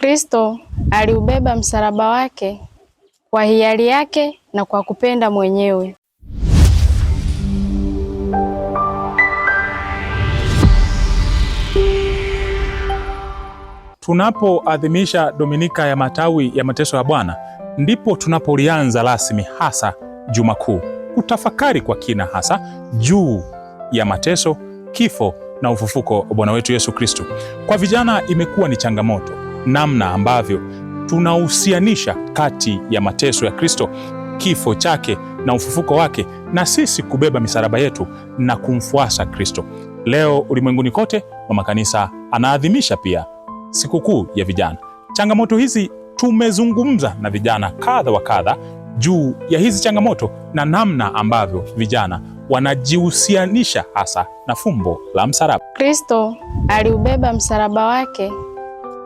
Kristo aliubeba msalaba wake kwa hiari yake na kwa kupenda mwenyewe. Tunapoadhimisha Dominika ya Matawi ya Mateso ya Bwana, ndipo tunapolianza rasmi hasa Juma Kuu, kutafakari kwa kina hasa juu ya mateso, kifo na ufufuko wa Bwana wetu Yesu Kristo. Kwa vijana imekuwa ni changamoto namna ambavyo tunahusianisha kati ya mateso ya Kristo, kifo chake na ufufuko wake, na sisi kubeba misalaba yetu na kumfuasa Kristo. Leo ulimwenguni kote, mama kanisa anaadhimisha pia sikukuu ya vijana. Changamoto hizi tumezungumza na vijana kadha wa kadha juu ya hizi changamoto na namna ambavyo vijana wanajihusianisha hasa na fumbo la msalaba. Kristo aliubeba msalaba wake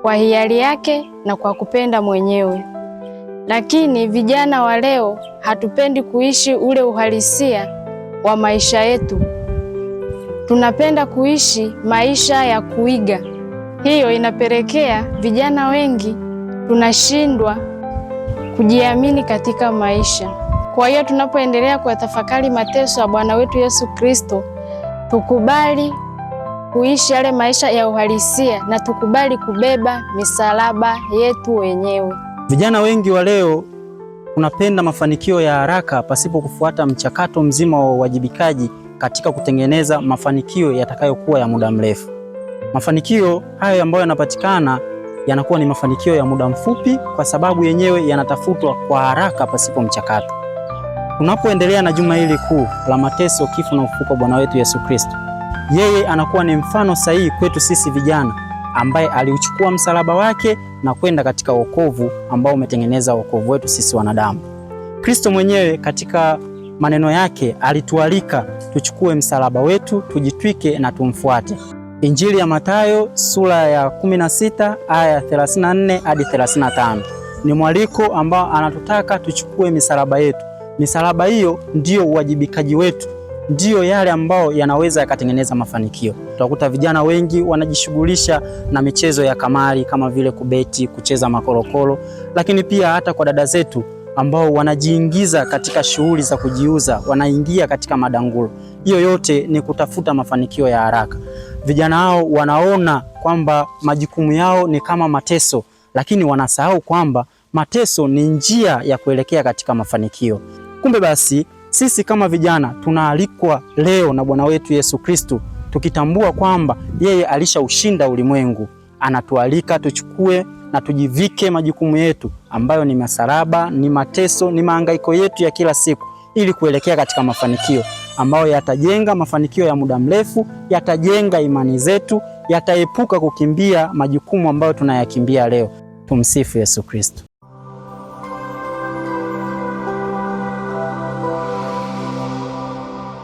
kwa hiari yake na kwa kupenda mwenyewe. Lakini vijana wa leo hatupendi kuishi ule uhalisia wa maisha yetu. Tunapenda kuishi maisha ya kuiga. Hiyo inapelekea vijana wengi tunashindwa kujiamini katika maisha. Kwa hiyo tunapoendelea kuyatafakari mateso ya Bwana wetu Yesu Kristo, tukubali kuishi yale maisha ya uhalisia na tukubali kubeba misalaba yetu wenyewe. Vijana wengi wa leo unapenda mafanikio ya haraka pasipo kufuata mchakato mzima wa uwajibikaji katika kutengeneza mafanikio yatakayokuwa ya muda mrefu. Mafanikio hayo ambayo yanapatikana yanakuwa ni mafanikio ya muda mfupi, kwa sababu yenyewe yanatafutwa kwa haraka pasipo mchakato. Tunapoendelea na juma hili kuu la mateso, kifo na ufufuko Bwana wetu Yesu Kristo yeye anakuwa ni mfano sahihi kwetu sisi vijana, ambaye aliuchukua msalaba wake na kwenda katika wokovu ambao umetengeneza wokovu wetu sisi wanadamu. Kristo mwenyewe katika maneno yake alitualika tuchukue msalaba wetu, tujitwike na tumfuate. Injili ya Mathayo sura ya 16 aya 34 hadi 35. Ni mwaliko ambao anatutaka tuchukue misalaba yetu. Misalaba hiyo ndiyo uwajibikaji wetu ndiyo yale ambayo yanaweza yakatengeneza mafanikio. Utakuta vijana wengi wanajishughulisha na michezo ya kamari kama vile kubeti, kucheza makorokoro, lakini pia hata kwa dada zetu ambao wanajiingiza katika shughuli za kujiuza, wanaingia katika madangulo. Hiyo yote ni kutafuta mafanikio ya haraka. Vijana hao wanaona kwamba majukumu yao ni kama mateso, lakini wanasahau kwamba mateso ni njia ya kuelekea katika mafanikio. Kumbe basi sisi kama vijana tunaalikwa leo na Bwana wetu Yesu Kristo, tukitambua kwamba yeye alishaushinda ulimwengu. Anatualika tuchukue na tujivike majukumu yetu ambayo ni masalaba, ni mateso, ni mahangaiko yetu ya kila siku, ili kuelekea katika mafanikio ambayo yatajenga mafanikio ya muda mrefu, yatajenga imani zetu, yataepuka kukimbia majukumu ambayo tunayakimbia leo. Tumsifu Yesu Kristo.